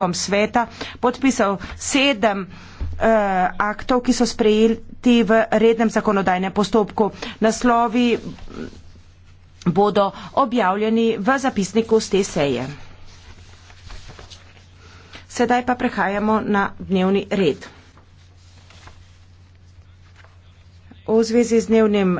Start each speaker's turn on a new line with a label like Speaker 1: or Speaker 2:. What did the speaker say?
Speaker 1: vrhom sveta podpisal sedem eh, aktov, ki so sprejeti v rednem zakonodajnem postopku. Naslovi bodo objavljeni v zapisniku z te seje. Sedaj pa prehajamo na dnevni red.
Speaker 2: V zvezi z dnevnim